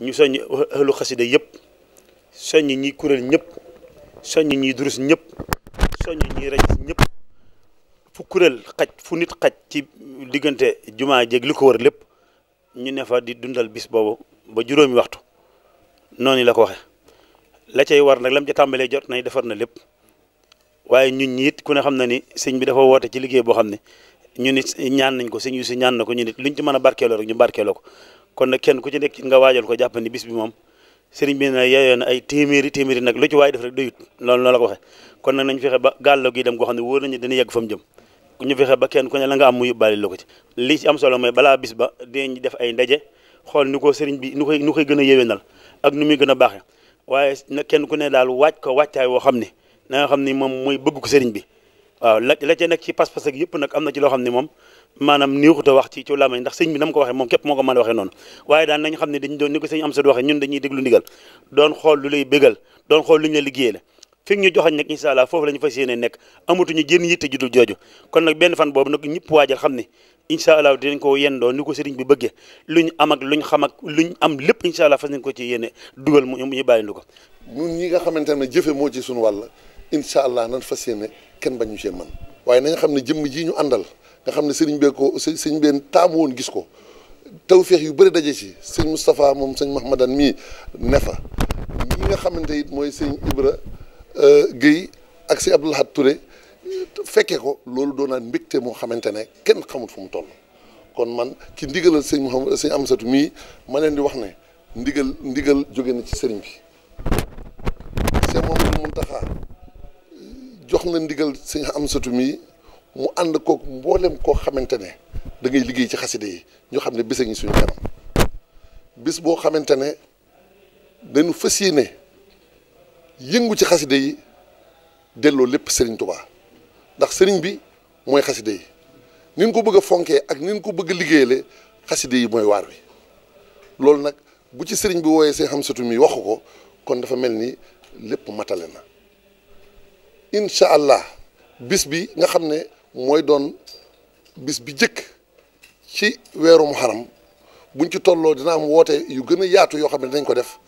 ñu soññ ëllu xasida yëpp soññ ñi kuréel ñëpp soññ ñi durus ñëpp soññ ñi rajis ñëpp fu kuréel xaj fu nit xaj ci diggante jumaa jeeg li ko wër lépp ñu ne fa di dundal bis boobu ba juróomi waxtu noonu la ko waxe la cay war nag lam ca tàmbalee jot nañ defar na lépp waaye ñun ñi it ku ne xam na ni sëñ bi dafa woote ci liggéey boo xam ne ñu nit ñaan nañ ko sëñ yu si ñaan na ko ñu nit ñu ci mën a barkeeloo rek ñu barkeeloo ko kon nag kenn ku ci nekk nga waajal ko jàpp ni bis bi moom sëriñ bi na yeyoo na ay téeméeri téeméeri nag lu ci waay def rek doyut loolu noonu la ko waxee kon nag nañ fexe ba gàllo gi dem goo xam ne wóor nañu dina yegg fa mu jëm ñu ba kenn ku ne la nga am mu yóbbaale la ko ci li ci bis ba def ay ndaje xool ni ko sëriñ bi nu koy nu koy gën a yewe nal ak nu muy gën a baaxe waaye na kenn ku ne daal waaj ko wàccaay woo xam ne na nga xam ni moom mooy bëgg ko sëriñ bi waaw la la ca nekk ci pas-pas yëpp nag am na ci loo xam ne moom maanaam néexut a wax ci ci làmmiñ ndax sëñ bi na mu ko waxee moom képp moo ko mën a waxee noonu waaye daan nañ xam ne dañ doon ni ko sëñ am sa waxee ñun dañuy déglu ndigal doon xool lu lay bégal doon xool lu ñu la liggéeyee la fi ñu joxañ nag incha allah foofu la ñu fas yéene nekk amatuñu jénn yitte ju dul jooju kon nag benn fan boobu nag ñëpp waajal xam ne ko yendoo ni ko sëriñ bi bëggee luñ am ak xam ak luñ am lépp incha allah fas nañ ko ci yéene dugal mu ñu bàyyindu ko ñun ñi nga xamante ne jëfe moo ci suñu wàll incha allah nan fas yéene kenn bañu cee man waaye nañ xam ne jëmm ji ñu àndal nga xam ne sëriñ bee ko sëriñ bee taamu woon gis ko tew tawféex yu bari daje si sëñ Moustapha moom sëñ Mahmadan mii ne fa ñi nga xamante it mooy sëñ Ibra euh, Guèye ak sëñ Abdoul Ahad Touré fekkee ko loolu doonaan mbégte moo xamante ne kenn xamul fu mu toll kon man ci ndigalal sëñ Mouhamed sëñ Amsatu mii ma leen di wax ne ndigal ndigal jóge na ci sëriñ bi sëñ Mouhamed Mountakha jox na ndigal sëñ Amsatu mii mu ànd kook mboolem koo xamante ne da ngay liggéey ci xaside yi ñoo xam ne bés a ngi suñu kanam bis boo xamante ne dañu fas yéene yëngu ci xaside yi delloo lépp sëriñ Tuubaa ndax sëriñ bi mooy xaside yi nin ko bëgg a fonkee ak nin ko bëgg a liggéeyale xaside yi mooy waar wi loolu nag bu ci sëriñ bi wooyee seen xam satu mi waxu ko kon dafa mel ni lépp matale na incha allah bis bi nga xam ne mooy doon bis bi jëkk ci weeru muharram buñ ci tolloo dina am woote yu gën a yaatu yoo xam ne dinañ ko def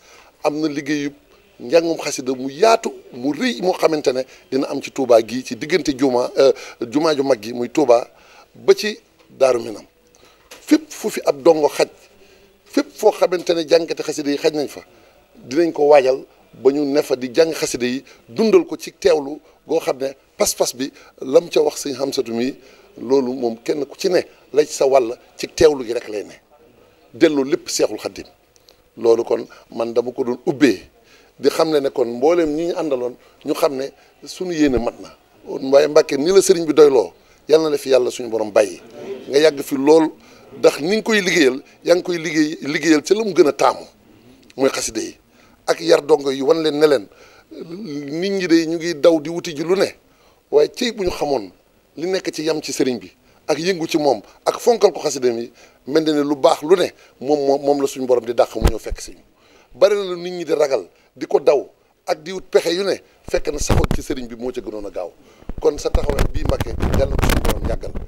am na liggéeyub njàngum xasida mu yaatu mu rëy moo xamante ne dina am ci Touba gi ci diggante jumaa euh, jumaa ju mag gi muy Touba ba ci Daaru Minam fépp fu fi ab dongo xaj fépp foo xamante ne jànkati xasida yi xaj nañ fa dinañ ko waajal ba ñu ne fa di jàng xasida yi dundal ko ci teewlu goo xam ne pas-pas bi lam ca wax sëñ Hamsatu mi loolu moom kenn ku ci ne lay sa wàll ci teewlu gi rek lay ne delloo lépp seexul xaddim loolu kon man dama ko doon ubbee di xam ne ne kon mbooleem ñi ñu àndaloon ñu xam ne suñu yéenee mat na waaye Mbàkke ni la sëriñ bi doyloo yàlla na la fi yàlla suñu borom bàyyi nga yàgg fi lool ndax ni nga koy liggéeyal yaa ngi koy liggéey liggéeyal ci la mu gën a taamu mooy xaside yi ak yar dongo yi wan leen ne leen nit ñi de ñu ngi daw di wuti ji lu ne waaye ci bu ñu xamoon li nekk ci yam ci sëriñ bi ak yëngu ci moom ak fonkal ko xasidam yi mel ne lu baax lu ne moom moom moom la suñu borom di dàq mu ñëw fekk si ñu bari na lu nit ñi di ragal di ko daw ak di wut pexe yu ne fekk na saxoon ci sëriñ bi moo ca gënoon a gaaw kon sa taxawaay bii Mbacké yàlla ko suñu borom yàggal